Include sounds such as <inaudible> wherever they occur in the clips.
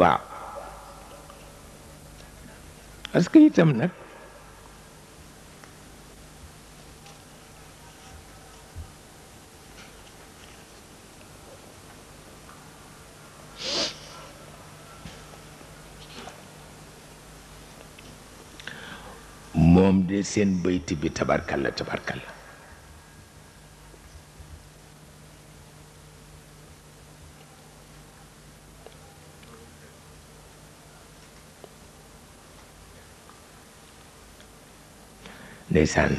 waaw parce que itam nag moom de seen bayti bi tabarkalla tabarkalla ndeysaan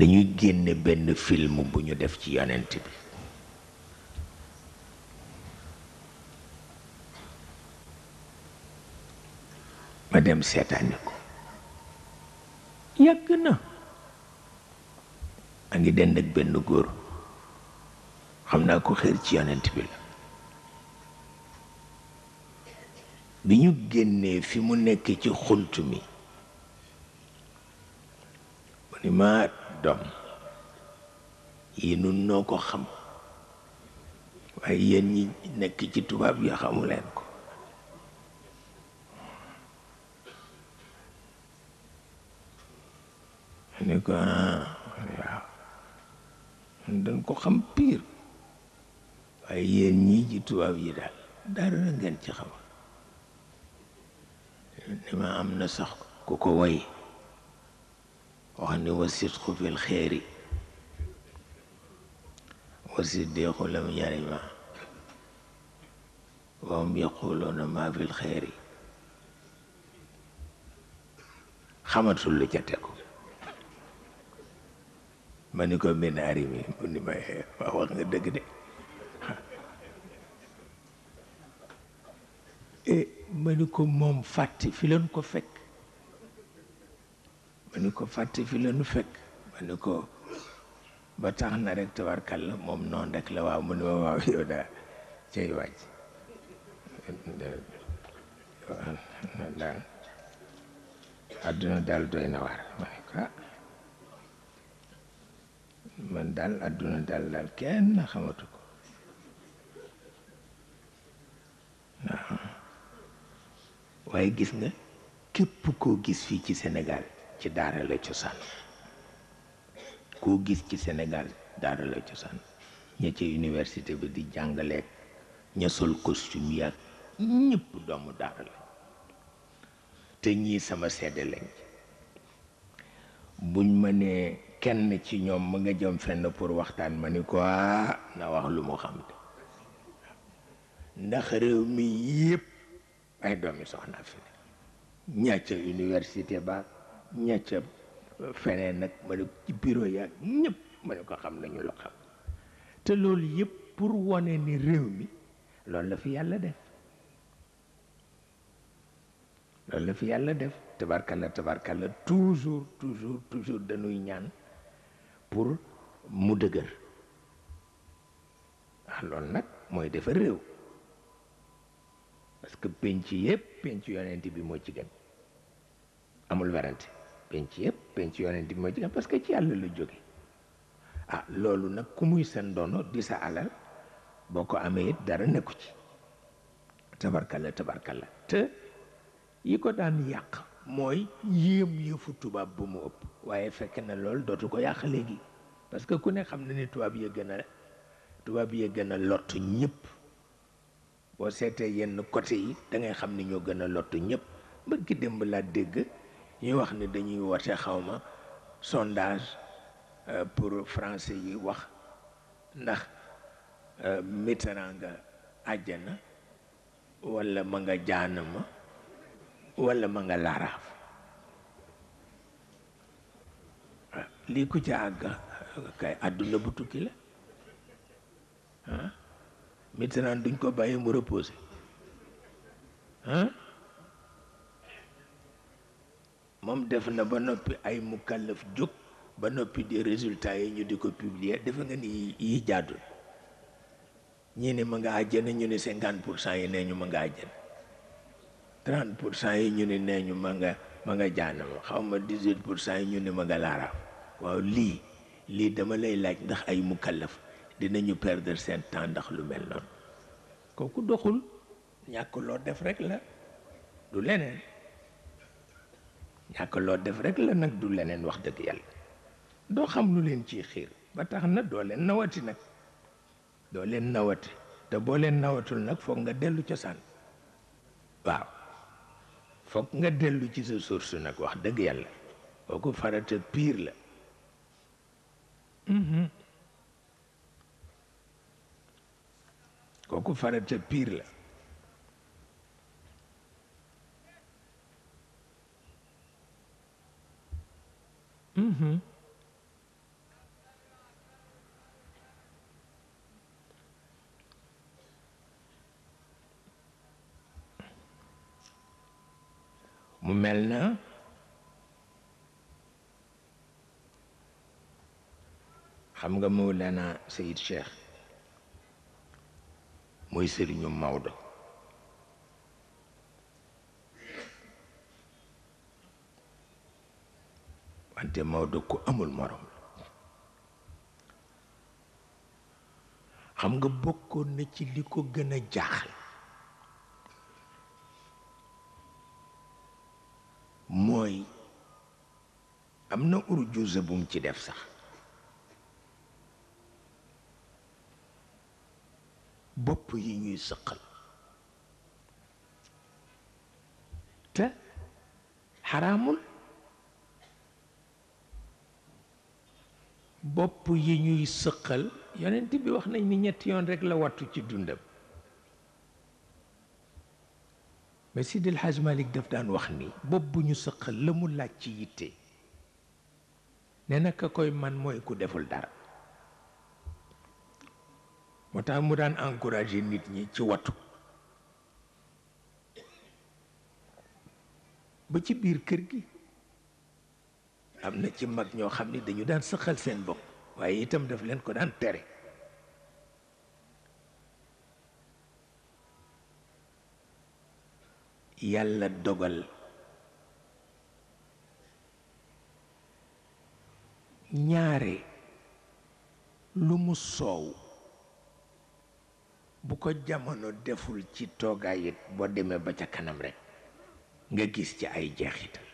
dañuy génne benn film bu ñu def ci yonent bi ma dem seetaani ko yàgg na a ngi dend ak benn góor xam naa ko xër ci yonent bi la bi ñu génnee fi mu nekk ci xunt mi ni ma doom yi nun noo ko xam waaye yéen ñi nekk ci tubaab yi xamu leen ko ne ko ah, waaw dañ ko xam piir waaye yen ñii ci tubaab yi daal dara ngeen ci xam ne ma am na sax ku ko way وأني والصدق في الخير والصديق لم يرم وهم يقولون ما في الخير خمت اللي جاتكو مانيكو من عريمي مني ما هي وقت دقني إيه، مانيكو موم فاتي فيلون كو فك ni ko fàtte fi la fekk ma ni ko ba tax na rek tabarkàlla moom noonu rek la waaw mu ne waaw yow daal àdduna daal doy na ah, man daal àdduna daal daal kenn xamatu ko waaw waaye gis nga képp koo gis fii ci Sénégal ci daara la cosaan koo gis ci Sénégal daara la cosaan ña ca université ba di jàngaleeg ña sol costume yaag ñëpp doomu daara la te ñii sama sedde lañ buñ ma nee kenn ci ñoom ma nga jëm fenn pour waxtaan ma ni ko ah, na wax lu mu xam ndax réew mi yépp ay doomi soxna fi ña ca université ba ña ca feneen nag ma ne ci bureau yaag ñëpp ma ne ko xam nañu lu xam te loolu yëpp pour wone ni réew mi loolu la fi yàlla def lool la fi yàlla def tabarkalla tabarkalla toujours toujours toujours dañuy ñaan pour mu dëgër ah loolu nag mooy defar réew parce que penc yëpp penc yonent bi moo ci gën amul werante penc yëpp penc yonent bi ma jóge parce que ci yàlla la jóge ah loolu nag ku muy seen doono di sa alal boo ko amee it dara nekku ci tabarkalla la te yi ko daan yàq mooy yéem yëfu tubaab bu mu ëpp waaye fekk na loolu dootu ko yàq léegi parce que ku ne xam na ni tubaab yee gën a tubaab yee gën a lott ñëpp boo seetee yenn côté yi da ngay xam ni ñoo gën a lott ñëpp mbër ki démb laa dégg yi wax ne dañuy woote xawma sondage euh, pour français yi wax ndax euh, Mitterrand nga àjjana walla ma nga jaanama walla ma nga laraaf ah, lii ku ci àgg kay àdduna bu tukki la ah duñ ko bàyyi mu reposé ah. mom def na ba nopi ay mukallaf juk ba nopi di resultat yi ñu di publier def nga ni yi jaadul ñi ne ma nga àjjana ñu ne 50% yi neñu ma nga àjjana 30% yi ñu ne neñu ma nga ma nga jaanama xawma 18% yi ñu ne ma nga laaraam waaw li li dama lay laaj ndax ay mukallaf dinañu perdre sen temps ndax lu mel noonu kooku doxul ñak lo def rek la du leneen ñàkk loo def rekk la nag du leneen wax dëgg yàlla doo xam lu leen ciy xiir ba tax na doo leen nawati nag doo leen nawati te boo leen nawatul nag foog nga dellu cosaan waaw foog nga dellu ci sa source nag wax dëgg yàlla mm-hmm. kooku farata piir la kooku farata piir la Uhum. mu mel na xam nga Mawlana Sayid Cheikh mooy sëriñu Maodo wante Maodo ku amul morom xam nga bokkoon na ci li ko gën a jaaxal mooy am na urjuza bu ci def sax bopp yi ñuy sëqal te xaraamul bopp yi ñuy sëqal yonent bi wax nañ ni ñetti yoon rek la wattu ci dundam mais Seydi El daf daan wax ni bopp bu ñu sëqal la mu laaj ci yitte ne naka koy man mooy ku deful dara moo tax mu daan encouragé nit ñi ci wattu ba ci biir kër gi am na ci mag ñoo xam ne dañu daan sëqal seen bopp waaye itam daf leen ko daan tere yàlla dogal ñaare lu mu soow bu ko jamono deful ci toogaay it boo demee ba ca kanam rekk nga gis ci ay jeexital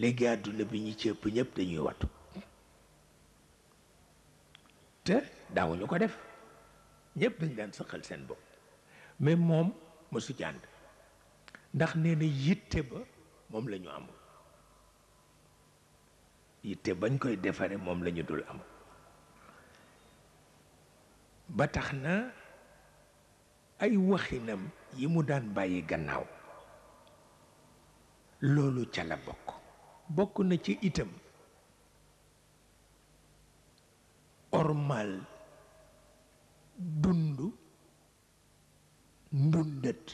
léegi àdduna bi ñi ci ëpp ñëpp dañuy wattu te daawuñu ko def ñëpp dañ daan sëqal seen bopp mais moom mësu jànd ndax nee na yitte ba moom lañu ñu amul yitte bañ koy defaree moom lañu dul am ba tax na ay waxinam yi mu daan bàyyi gannaaw loolu ca la bokk bokk na ci itam ormal dund ndundat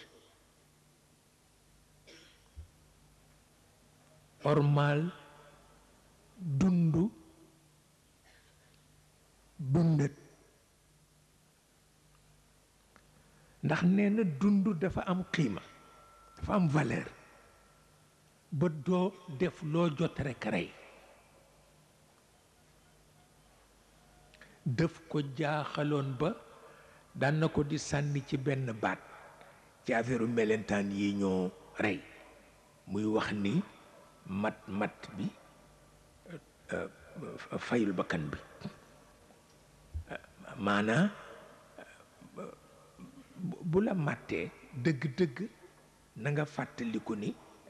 ormal dund dundat ndax nee na dund dafa am xiima dafa am valeur ba doo def loo jot rek rey def ko jaaxaloon ba daan na ko di sànni ci benn baat ci affaire melentaan yi ñoo rey muy wax ni mat mat bi euh, fayul bakkan bi maanaa bu la màttee dëgg-dëgg na fàttaliku ni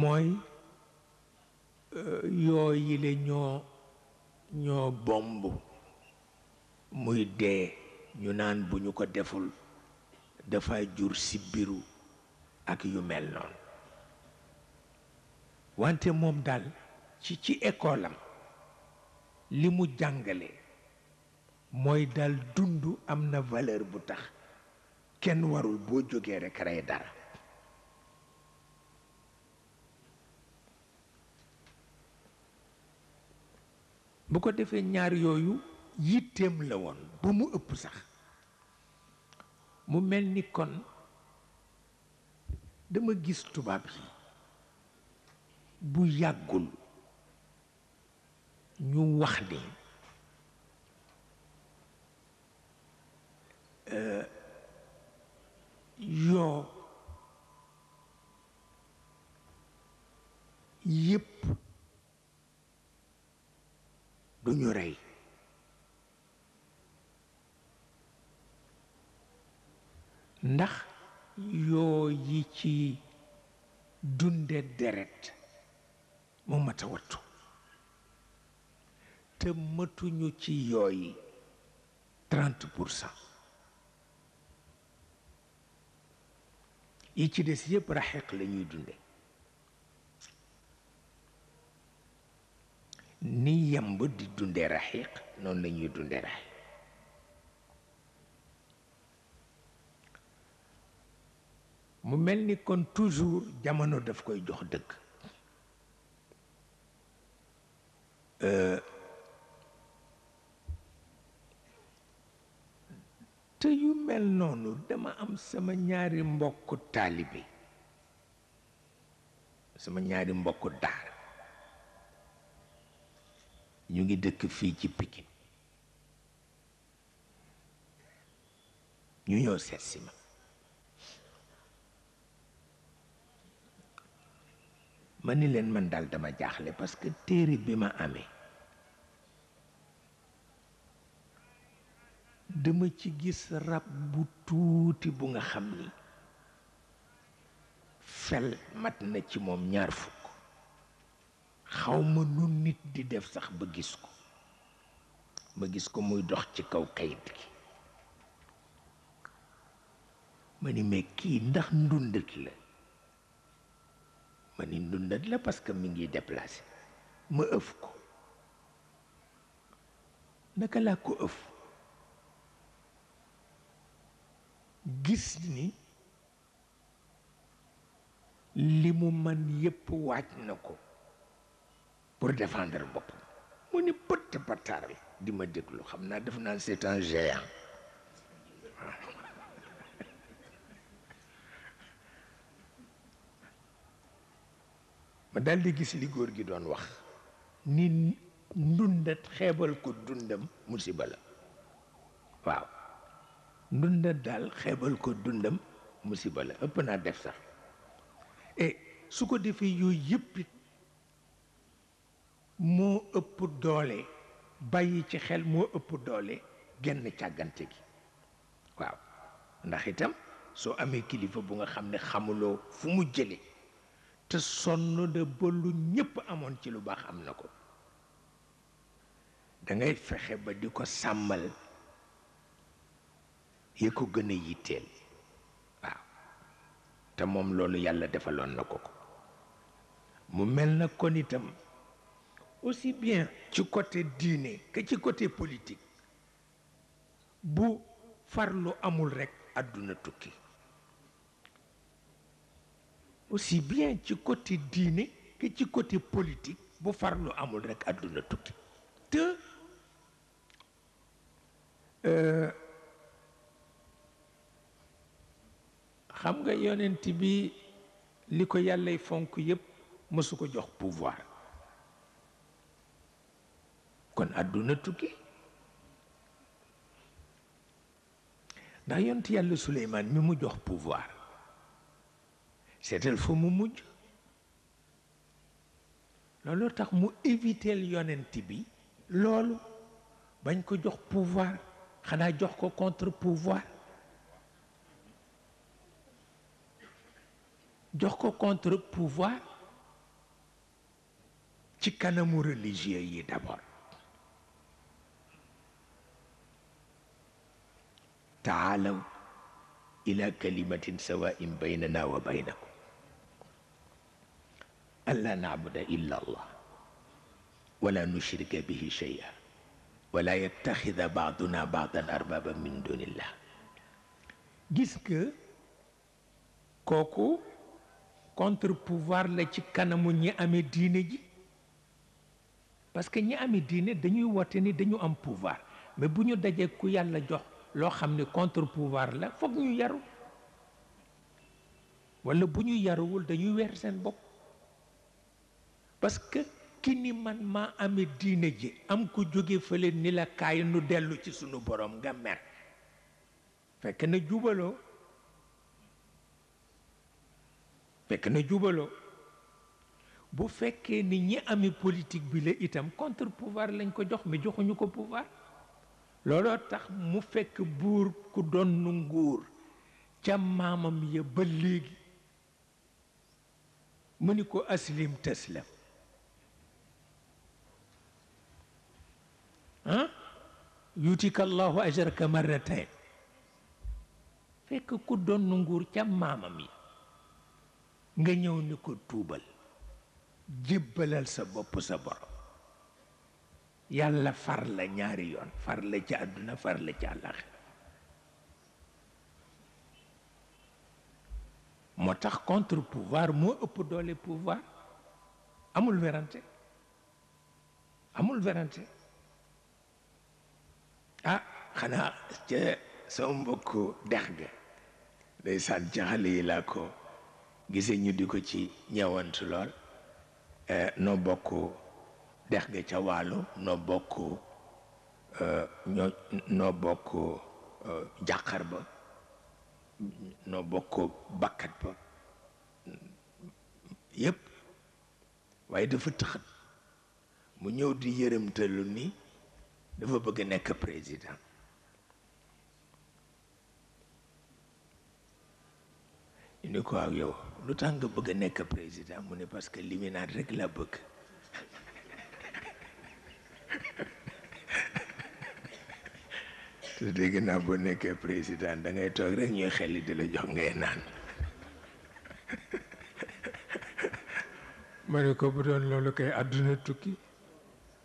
mooy euh, yoo yile ñoo ñoo bomb muy dee ñu naan bu ñu ko deful dafay jur sibbiru ak yu mel noonu wante moom daal ci ci école li mu jàngale mooy daal dund am na valeur bu tax kenn warul boo jógee rekk rey dara bu ko defee ñaar yooyu yitteem la woon bu mu ëpp sax mu mel ni kon dama gis tubaab yi bu yàggul ñu wax ni euh, yoo yëpp du ñu rey ndax yoo yi ci dunde deret mu mat a wattu te matuñu ci yooyi trente pour yi ci des yëpp raxiq lañuy dunde ni yamb di dunde raxiq noonu la ñuy dunde mu mel ni kon toujours jamono daf koy jox dëgg euh, te yu mel noonu dama am sama ñaari mbokk taalibe sama ñaari mbokku daara ñu ngi dëkk fii ci Pikine ñu ñëw seet si ma ma ni leen man daal dama jaaxle parce que téere bi ma amee dama ci gis rab bu tuuti bu nga xam ni fel mat na ci moom ñaar fukk xawma nu nit di def sax ba gis ko ma gis ko muy dox ci kaw kayit gi ma ni mais kii ndax ndundat la ma ni ndundat la parce que mi ngi déplacé ma ëf ko naka laa ko ëf gis ni li mu man yépp waaj na ko pour défendre boppam mu ni pëtt pataaral di ma deglu xamna def na c'est un géant <laughs> ma dal di gis li gor gi doon wax ni ndundat xébal ko dundam musiba la waaw ndundat dal xébal ko dundam musiba la ëpp na def sax et eh, suko ko yoy yooyu moo ëpp doole bàyyi ci xel moo ëpp doole genn càggante gi waaw ndax itam soo amee kilifa bu nga xam ne xamuloo fu mu jële te sonn na ba ñépp amoon ci lu baax am na ko dangay fexe ba di ko sàmmal yi ko gën a yitteel waaw te moom loolu yàlla defaloon na ko ko mu mel na kon itam aussi bien du côté diine que du côté politique bu farlo amul rek aduna tukki aussi bien du côté diine que du côté politique bu farlo amul rek aduna tukki te euh, xam nga yonent bi liko ko yàllay fonk yépp mësu jox pouvoir kon aduna tukki ndax yàlla mi mu jox pouvoir seetal fa mu mujj loolu tax mu éviteel yonent bi loolu bañ ko pouvoir jox ko contre pouvoir jox ko contre pouvoir ci religieux d'abord تعالوا إلى كلمة سواء بيننا وبينكم ألا نعبد إلا الله ولا نشرك به شيئا ولا يتخذ بعضنا بعضا أربابا من دون الله gis nga kooku contre pouvoir la ci kanamu ñi amee diine ji parce que ñi amee diine dañuy woote ni dañu am pouvoir mais bu ñu dajee ku yàlla jox loo xam ne contre pouvoir la foog ñu yaru walla bu ñu yaruwul dañuy weer seen bopp parce que ki ni man maa amee diine ji am ko jóge fële ni la kaay nu dellu ci suñu borom nga mer fekk na jubaloo fekk na jubaloo bu fekkee ni ñi amee politique bi la itam contre pouvoir lañ ko jox mais joxuñu ko pouvoir looloo tax mu fekk buur ku donn nguur ca maamam ya ba léegi mu ni ko aslim taslam ah yutika allahu ajaraka marratain fekk ku donn nguur ca maamam ya nga ñëw ni ko tuubal jébbalal sa bopp sa borom yàlla far la ñaari yoon far la ci àdduna far la ci àllaxira moo tax contre pouvoir moo ëpp doole pouvoir amul werante amul werante ah xanaa ca sama mbokku dex ga ndeysaan ci xale ko gise ñu di ko ci ñeewantu lool eh, noo bokk dex ga ca wàllu noo bokk euh, ñoo noo bokk euh, jàqar ba noo bokk bakkat ba yépp waaye dafa tëxat mu ñëw di yërëmtalu ni dafa bëgg nekk président ñu ni ak yow lu tax nga bëgg a nekk président mu ne parce que liminaat rek la bëgg te dégg naa boo nekkee président da ngay toog rek ñuy xel di la jox ngay naan ma ne ko bu doon loolu kay àdduna tukki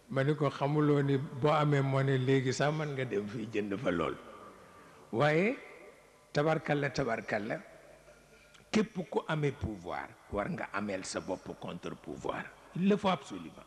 ma ne ko xamuloo ni boo amee moo ne léegi sax man nga dem fii jënd fa lool waaye tabarkal tabarkalla tabarkalla képp ku amee pouvoir war nga ameel sa bopp contre pouvoir il le absolument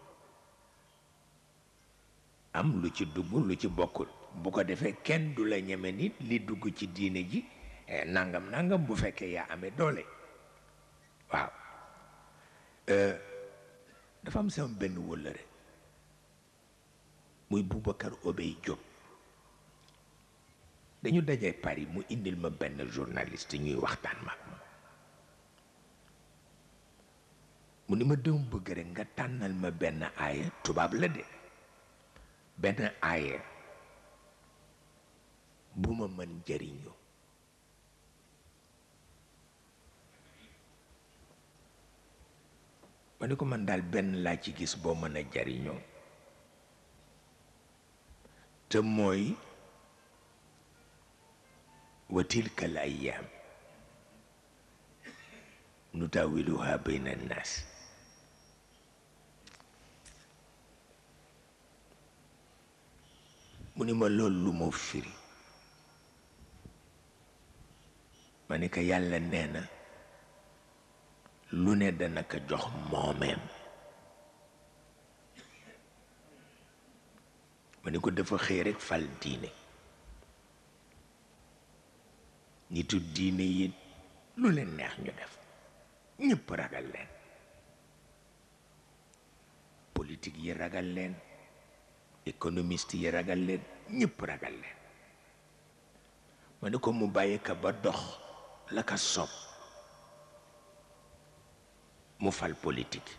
am lu ci dugg lu ci bokkul bu ko defee kenn du la ñeme nit li dugg ci diine ji eh, nangam nangam bu fekkee yaa amee doole waaw euh, dafa am sama benn wëllëre muy Boubacar Obey Diop dañu dajee Paris mu indil ma benn journaliste ñuy waxtaan ma mu ni ma dem bëgg rek nga tànnal ma benn aaya tubaab la de benn aaya bu ma mën jëriñu ma ko man daal benn laa ci gis boo mën a jariñoo te mooy wa tilka al ayyaam nutawiluha bayna annaas mu ni ma lool lu mu firi ma ni ko yàlla nee na lu ne danaka jox moomeem ma ni ko dafa xëy rekk fal diine nitu diine yi lu leen neex ñu def ñépp ragal leen politique yi ragal leen économiste yi ragal leen ñëpp ragal leen ma ko mu bàyyi ka ba dox la ka sob mu fal politique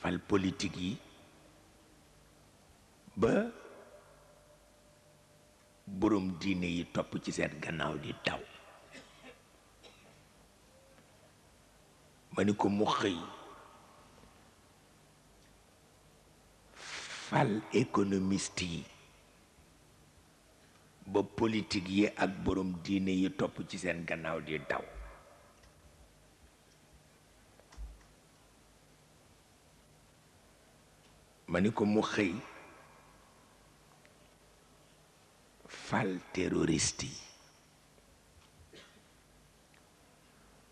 fal politique yi ba borom diine yi topp ci seen gannaaw di daw ma ni ko mu xëy fal économiste yi ba politique yi ak boroom diine yi topp ci seen gannaaw di daw ma ni ko mu xëy fal terroriste yi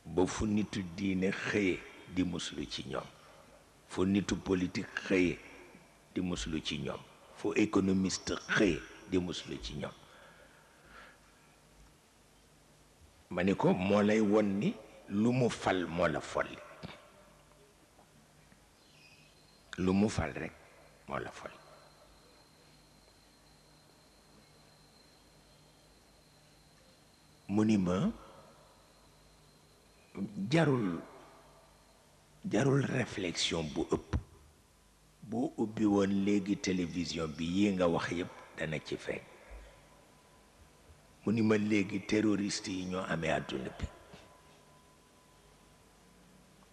ba fu nitu diine xëye di muslu ci ñoom fu nitu politique xëye di muslu ci ñoom fu économiste xëye di muslu ci ñoom ma ni ko moo lay won ni lu mu fal moo la folli lu mu fal rekk moo la folli mu ni ma jarul jarul réflexion bu ëpp boo ubbi woon léegi télévision bi yi nga wax yépp dana ci feeñ mu ni ma léegi terroriste yi ñoo amee àdduna bi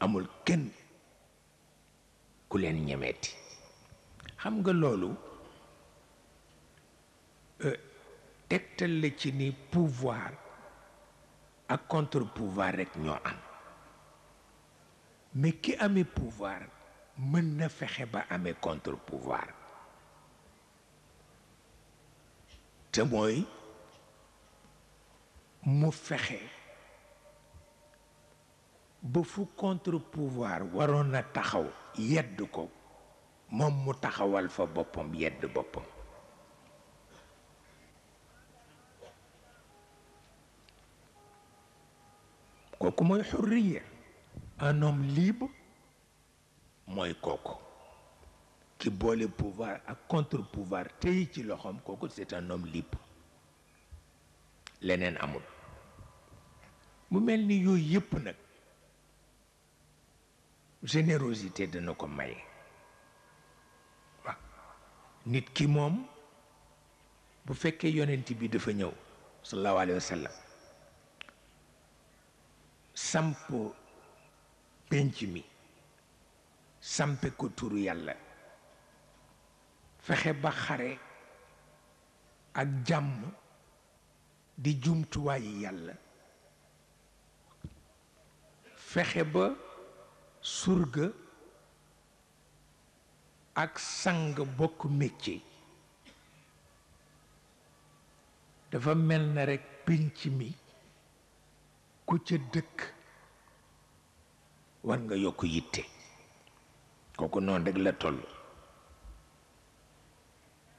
amul kenn ku leen ñemeeti xam nga loolu euh, tegtal la ci ni pouvoir ak contre pouvoir rek ñoo am mais ki amee pouvoir mën na fexe ba amee contre pouvoir te mooy mu fexe ba contre pouvoir waroon a taxaw yedd ko moom mu taxawal fa boppam yedd bopom kooku moy xurriya un homme libre moy kooku ki bolé pouvoir ak contre pouvoir tey ci loxom kooku c'est un homme libre leneen amul mu melni ni yep nak générosité de ko may nit ki mom bu fekkee yonenti bi dafa ñew sallallahu alayhi wa samp pénc mi sampe ko turu yàlla fexe ba xare ak jàmm di jumtuwaayi yàlla fexe ba surga ak sang bokk métier dafa mel na rekk pénc mi ku ca dëkk war nga yokk yitte kooku noonu rek la toll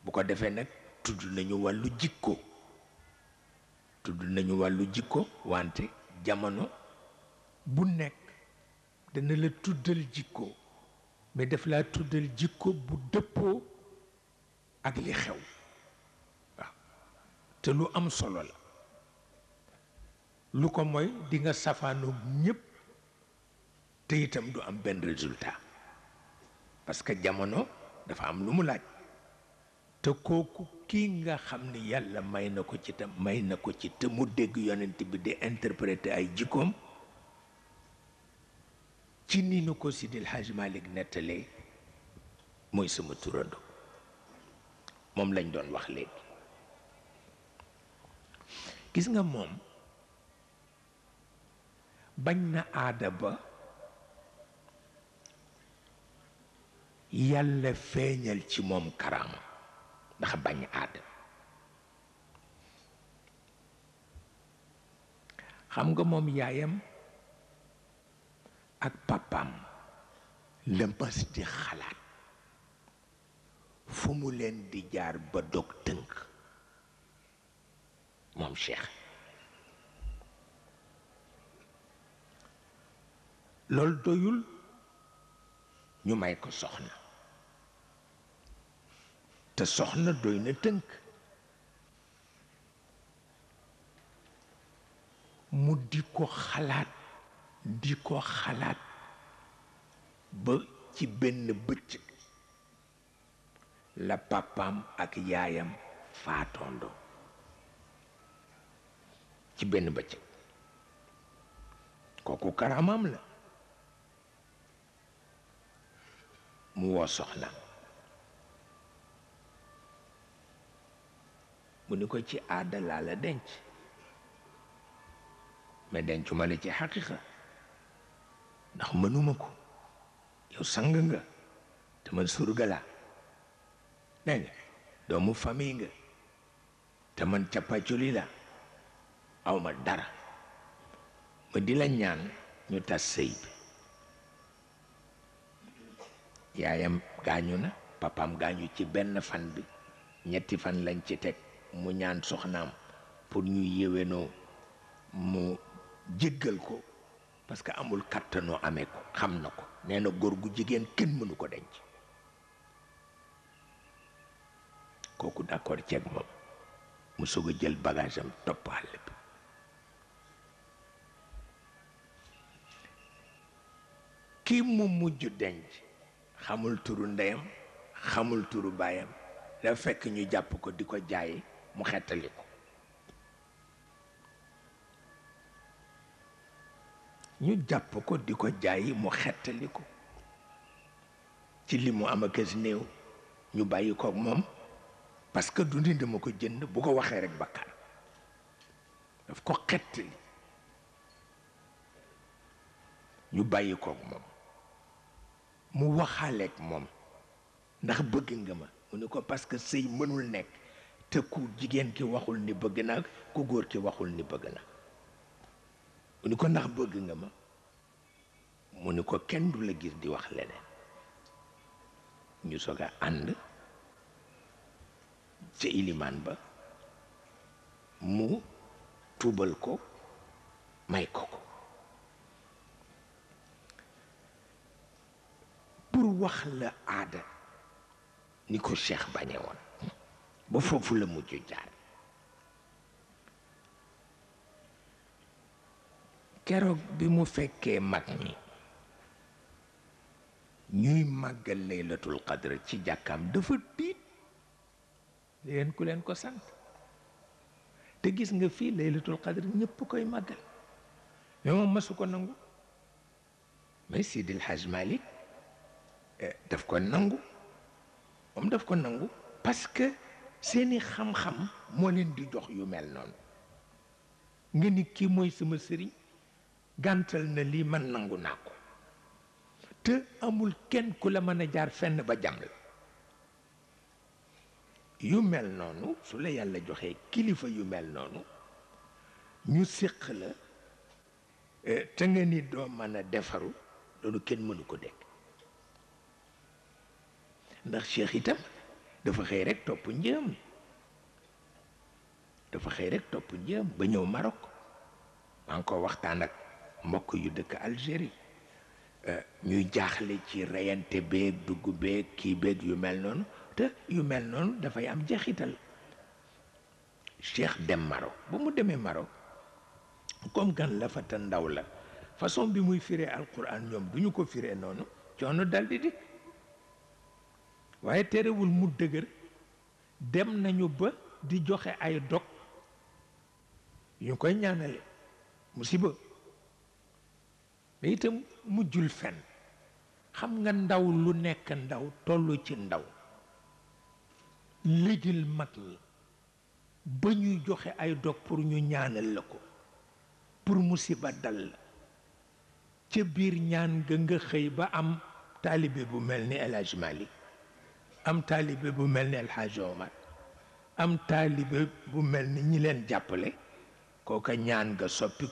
bu ko defee nag tudd nañu wàllu jikko tudd nañu wàllu jikko wante jamono bu nekk dana la tuddal jikko mais def laa tuddal jikko bu dëppoo ak li xew te lu am solo la lu ko mooy dinga nga safaanoog ñëpp te itam du am benn résultat parce que jamono dafa am lu mu laaj te kooku kii nga xam ni yàlla may na ko ci te may na ko ci te mu dégg yonent bi di interpréter ay jikkoom ci ni ko si Hadj Malick nettalee mooy sama turando moom lañ doon wax léegi gis nga moom bañ na aada ba yàlla feeñal ci moom karaama ndax bañ aada xam nga moom yaayam ak papaam la mbas di xalaat fu mu leen di jaar ba dog tënk moom Cheikh loolu doyul ñu may ko soxna te soxna doy na tënk mu di ko xalaat di ko xalaat ba ci benn bëccëg la papaam ak yaayam faatondo ci benn bëccëg kooku karamam la mu woo soxna mu ni ko ci aada laa denc mais dencuma la ci xaqiqa ndax mënuma ko yow sang nga te man surga laa doomu famille nga te man cappaculi la awma dara ma di la ñaan ñu tas sëy yaayam gaañu na papam gaañu ci benn fan bi ñetti fan lañ ci teg mu ñaan soxnaam pour ñu yéwénoo mu jéggal ko parce que amul kàttanoo amee ko xam na ko neena góor gu jigéen kenn mënu ko denc kooku d'accord ceeg moom mu soog a jël bagage am topp àll bi kii mu mujj denc xamul turu ndeyam xamul turu baayam la fekk ñu jàpp ko di ko jaay mu xettali ko ñu jàpp ko di ko jaay mu xettali ko ci li mu am a kës néew ñu bàyyi ko moom parce que dundi dama ko jënd bu ko waxee rek bakkaar daf ko xettali ñu bàyyi ko moom mu waxaaleeg moom ndax bëgg nga ma mu ne ko parce que sëy mënul nekk te ku jigéen ki waxul ni bëgg naa ku góor ki waxul ni bëgg na mu ni ko ndax bëgg nga ma mu ni ko kenn du la gis di wax leneen ñu soog a ànd ca ilimaan ba mu tuubal ko may ko ko pour wax la aada ni ko cheikh bañe woon ba foofu la mujj jaar keroog bi mu fekkee mag ñi ñuy màggal laylatul qadr ci jàkkam dafa tiit leen ku leen ko sant te gis nga fii laylatul qadr ñëpp koy màggal mais moom masu ko nangu mais Sidil Hajj Malik Eh, daf ko nangu moom daf ko nangu parce que seeni xam-xam moo leen di jox yu mel noonu nga ni kii mooy sama sëriñ gàntal na lii man nangu naa ko te amul kenn ku la mën a jaar fenn ba jàmm la yu mel noonu su la yàlla joxee kilifa yu mel noonu ñu siq la eh, te nga ni doo mën a defaru loolu kenn mënu ko dégg ndax cheikh itam dafa xëy rek topp njëm dafa xëy rek topp njëm ba ñëw Maroc maa ngi ko waxtaan ak mbokk yu dëkk Algérie euh, ñuy jaaxle ci reyante beeg dugg beeg kii beeg yu mel noonu te yu mel noonu dafay am jeexital cheikh dem Maroc ba mu demee Maroc comme gan la ndaw la façon bi muy firee alquran ñoom du ñu ko fire noonu coono dal dikk waaye terewul mu dëgër dem nañu ba di joxe ay dog yu koy ñaanale musiba mais itam mujjul fen xam nga ndaw lu nekk ndaw tollu ci ndaw léjal mag ñi ba ñuy joxe ay dog pour ñu ñaanal la ko pour musiba dal la ca biir ñaan nga nga xëy ba am taalibe bu mel ni El Hadj am taalibe bu mel ni El am taalibe bu mel ni ñi leen jàppale kooka ñaan ñaan nga soppi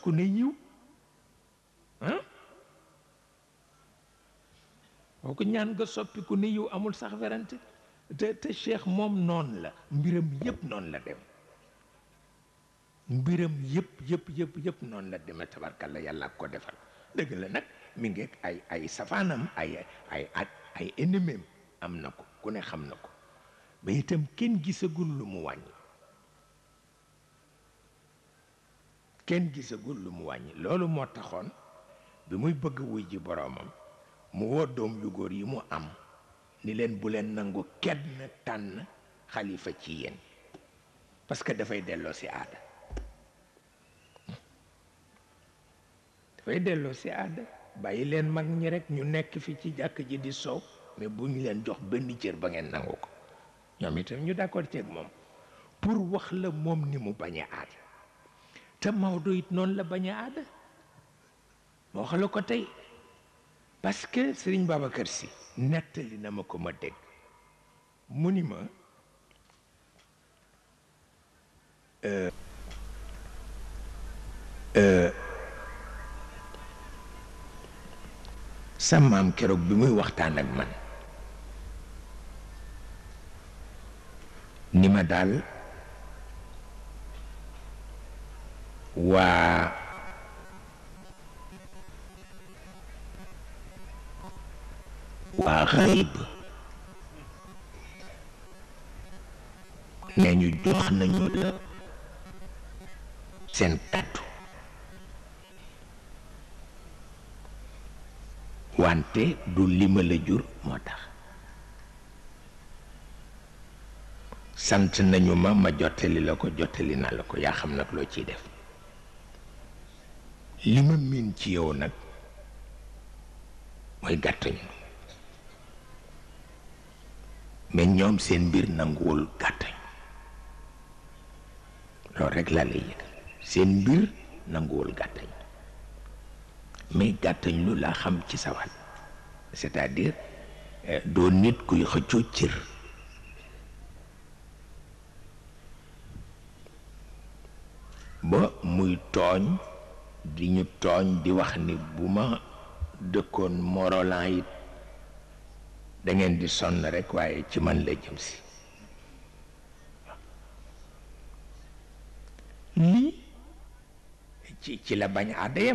ku ne yiw amul sax werante te te moom noon la mbiram yëpp noonu la dem mbiram yëpp yëpp yëpp noon noonu la demee tabarkalla yàlla ko defal dëgg la nag mi ngi ay safaanam ay ay ay ay am na ko. ku xam na ko ba itam kenn gisagul lu mu wàññi loolu moo taxoon bi muy bëgg wuy ji boroomam mu woo doom yu góor yi mu am ni leen bu leen nangu kenn tànn xalifa ci yéen parce que dafay delloo si aada dafay delloo si aada bàyyi leen mag ñi rekk ñu nekk fi ci jàkk ji di soow mais bu ñu leen jox benn cër ba ngeen nangu ko ñoom itam ñu d'accord ceeg moom pour wax la moom ni mu bañ a aada te Maodo it noonu la bañ a aada ma wax la ko tey parce que Serigne kër si nettali na ma ko ma dégg mu ni ma euh, euh, sa keroog bi muy waxtaan ak man ni ma daal waa waa xayb nee ñu jox nañu la seen kàddu wante du li ma la jur moo tax sant nañu ma ma jottali la ko jottali naa la ko yaa xam nag loo ciy def li ma miin ci yow nag mooy gàttañu mais ñoom seen mbir nanguwul gàttañu loolu rek laa lay yëg seen mbir nanguwul gàttañ mais gàttañ lu laa xam ci sawat c'est-à-dire euh, doo nit kuy xëccoo cër ba muy tooñ di ñu tooñ di wax ni bu ma dëkkoon morolan it dangeen di sonn rekk waaye ci man la jëm si lii ci ci la bañ aada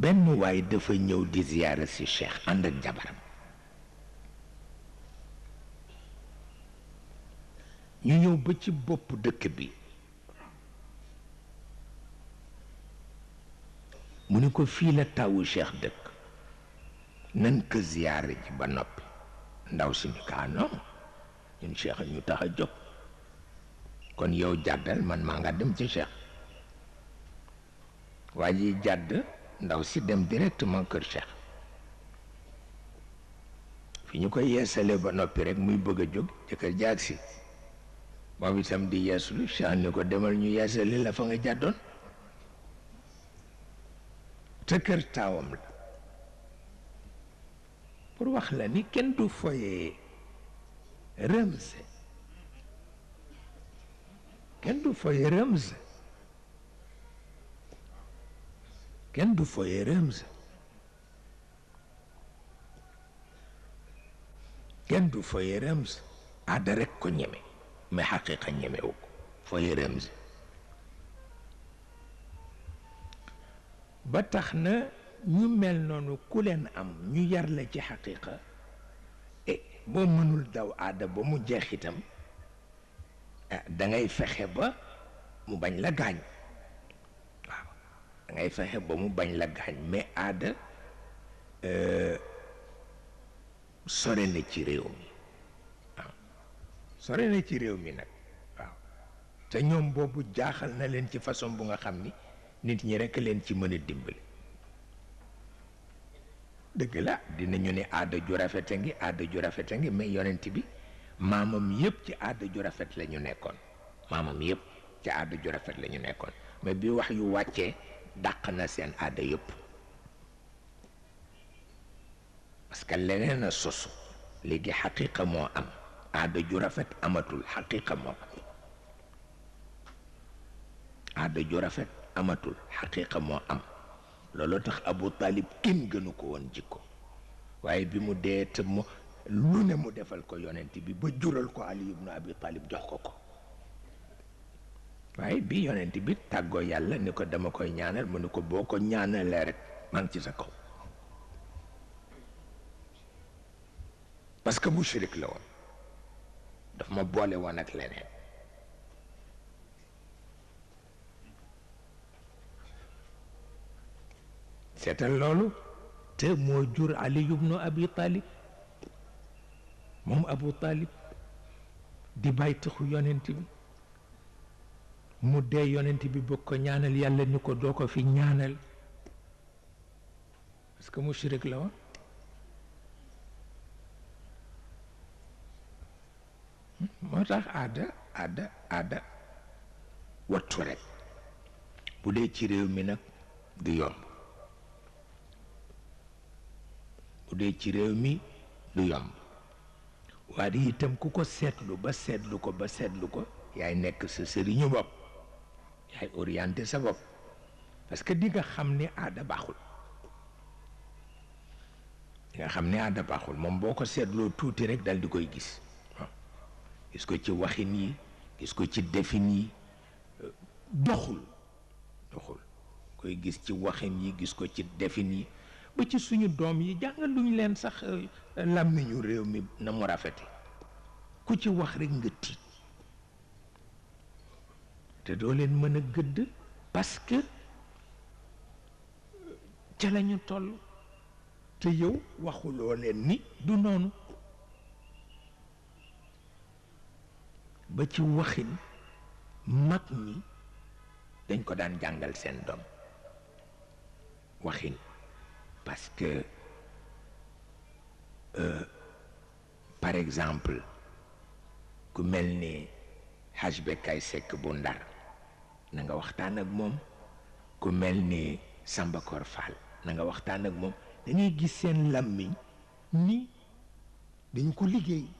benn waay dafa ñëw di ziyaara si cheikh ànd jabaram ñu ñëw ba ci bopp dëkk bi mu ni ko fii la tawu cheikh dëkk nan ko ziyaare ji ba noppi ndaw si ni kaanoon ñun cheikh ñu tax a jóg kon yow jàddal man maa nga dem ci cheikh waa ji jàdd ndaw si dem directement kër cheikh fi ñu koy yeesale ba noppi rek muy bëgg a jóg jëkkër jaag si moom itam di yeeslu Cheikh ni ko demal ñu yeesali la fa nga jàddoon te kër taawam la pour wax la ni kenn du foyee rëmse kenn du foyee rëmse kenn du foyee rëmse kenn du ko ñeme umehakika nyeme huko fooy Remzi ba tax na ñu mel noonu ku leen am ñu yar la ci xaqiqa e boo mënul daw aada ba mu jeex itam da ngay fexe ba mu bañ la gaañ waaw da ngay fexe ba mu bañ la gaañ mais aada sore na ci réew mi sore na ci réew mi nag waaw te ñoom boobu jaaxal na leen ci façon bu nga xam ni nit ñi rekk leen ci mën a dimbali dëgg la dina ñu ni aada ju rafet a ngi aada ju rafet a ngi mais yonent bi maamam yépp ci aada ju rafet la ñu nekkoon maamam yëpp ci aada ju rafet la ñu nekkoon mais bi wax yu wàccee dàq na seen aada yëpp parce leneen a sosu léegi xaqiqa moo am aada ju rafet amatul xaqiqa moo am aada ju rafet amatul xaqiqa moo am looloo tax Abu Talib kenn gënu ko woon jikko waaye bi mu dee te mu lu ne mu defal ko yonent bi ba jural ko Ali ibnu Abi Talib jox ko ko waaye bi yonent bi tàggoo yàlla ni ko dama koy ñaanal mu ni ko boo ko ñaanalee rek maa ngi ci sa kaw parce que mushrik la woon daf ma boole woon ak leneen seetal loolu te moo jur ali ibnu abi talib moom abu talib di bàyyi taxu yonent bi mu dee yonent bi bëgg ko ñaanal yàlla ni ko doo fi ñaanal parce que mushrik la woon moo tax aada aada aada wattu rek bu dee ci réew mi nag du yomb bu dee ci réew mi du yomb waaye itam ku ko seetlu ba seetlu ko ba seetlu ko yaay nekk sa sëriñu bopp yaay oriente sa bopp parce que dinga xam ni aada baaxul di xam ni aada baaxul moom boo ko seetloo tuuti rek dal di koy gis gis ko ci waxin yi gis ko ci defin yi doxul doxul koy gis ci waxin yi gis ko ci defin yi ba ci suñu doom yi jàngal luñ leen sax euh, làmmiñu réew mi na mu rafete ku ci wax rekk nga tiit te doo leen mën a gëdd parce que ca lañu toll te yow waxuloo leen ni du noonu ba ci waxin mag ñi dañ ko daan jàngal seen doom waxin parce que euh, par exemple ku mel ni Haj Bekay Seck bu Ndar na nga waxtaan ak moom ku mel ni Samba Kor Fall na nga waxtaan ak moom da gis seen làmmiñ ni dañ ko liggéey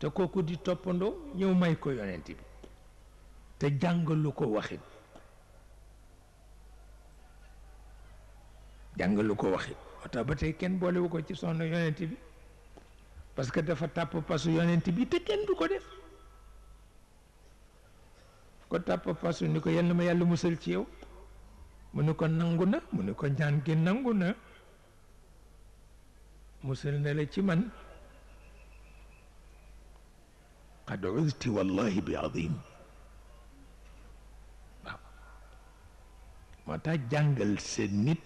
te kooku di toppandoo ñëw may ko yonent bi te jàngalu ko waxit jàngalu ko waxit moo tax ba tey kenn boolewu ko ci sonn yonent bi parce que dafa tàpp pasu yonent bi te kenn du ko def ko tàpp pasu ni ko yal ma yàlla musal ci yow mu ne ko nangu na mu ne ko ñaan gi nangu na musal na la ci man قد عزت والله بعظيم moo tax jàngal sa nit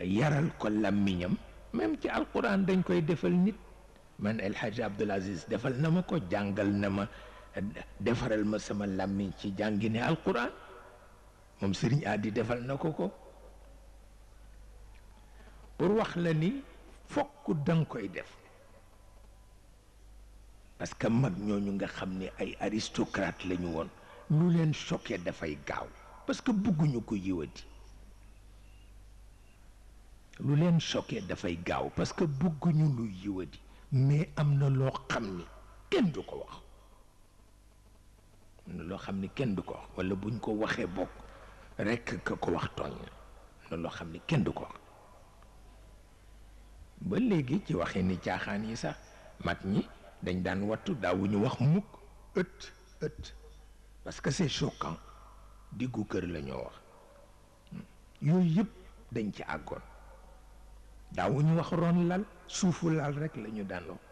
yaral ko làmmiñam même ci alquran dañ koy defal nit man El Hadj Abdoul Aziz defal na ma ko jàngal na ma defaral ma sama làmmiñ ci jàngine alquran moom sëriñ Adi defal na ko ko pour wax la ni fokk danga koy def parce que mag ñooñu nga xam ne ay aristocrate lañu ñu woon lu leen choqué dafay gaaw parce que bëgguñu ko yiwati lu leen choqué dafay gaaw parce que bëgguñu lu yiwati mais am na loo xam ni kenn du ko wax am na loo xam ni kenn du ko wax walla buñ ko waxee bokk rekk ka ko wax tooñ na na loo xam ni kenn du ko wax ba léegi ci waxee ni caaxaan yi sax mag ñi dañ daan wattu daawuñu wax mukk ëtt ëtt parce que c'est choquant diggu kër lañoo wax yooyu yëpp dañ ci àggoon daawuñu wax ron lal suufu lal rek lañu daan wax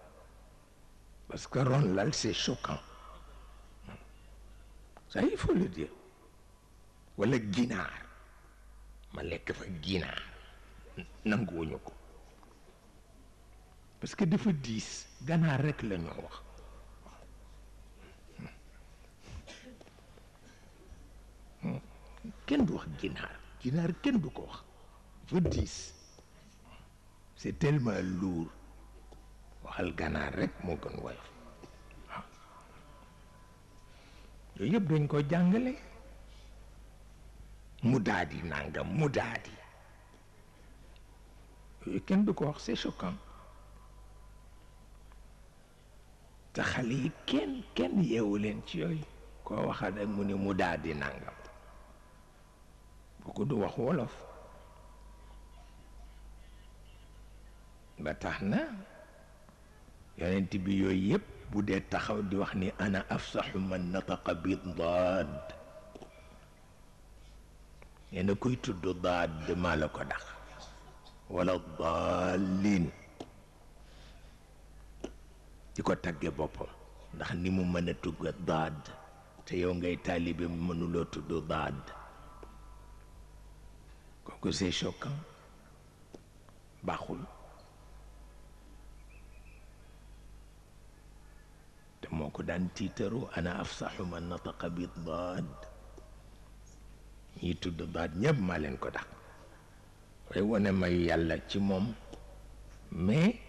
parce que ron lal c'est choquant ça il faut le dire wala ginaar ma lekk fa ginaar nanguwuñu ko parce que dafa diis ganaar rek la est wax kenn du wax ginaar ginaar kenn du ko wax c'est tellement lourd waxal ganaar rek moo gën woyof yooyu yëpp ko jàngale mu nangam ko wax c'est choquant te xale yi kenn kenn yeewu leen ci yooyu koo waxal ak mu ni mu daal di nangam bu ko du wax wolof ba tax na yonent bi yooyu yëpp bu dee taxaw di wax ni ana afsaxu man nataqa bi daad nee na kuy tudd daad maa la ko dax wala daalin diko tagge boppam ndax ni mu meuna tugg daad te yow ngay taalibe mu lo tuddu daad koku c'est choquant baxul te moko dan titeru ana afsahu man nataqa bi daad ñiy tudd daad ñëpp ma len ko dax way woné mayu yàlla ci mom mais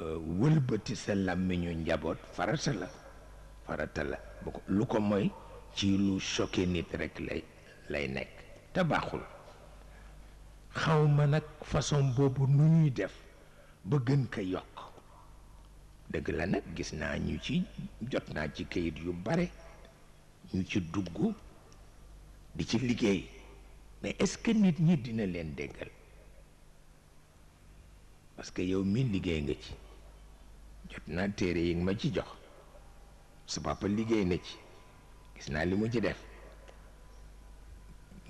wëlbati sa làmmiñu njaboot farata la farata la bu ko lu ko mooy ci lu choqué nit rek lay lay nekk te baaxul xaw ma nag façon boobu nu ñuy def ba gën ko yokk dëgg la nag gis naa ñu ci jot naa ci kayit yu bare ñu ci dugg di ci liggéey mais est-ce que nit ñi dina leen déggal parce que yow mi liggéey nga ci jot naa téere yi ma ci jox sa papa liggéey na ci gis naa li mu ci def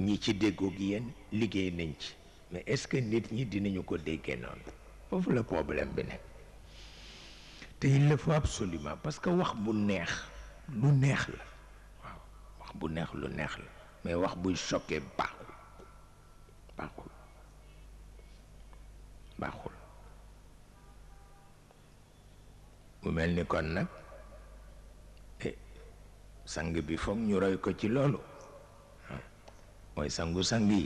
ñi ci déggoo gi yéen liggéey nañ ci mais est-ce que nit ñi dinañu ko déggee noonu foofu la problème bi nekk te il le faut absolument parce que wax bu neex lu neex la waaw wax bu neex lu neex la mais wax buy choqué baaxul baaxul baaxul mu mel ni kon nag eh, sang bi foog ñu roy ko ci loolu ah, mooy sangu sang yi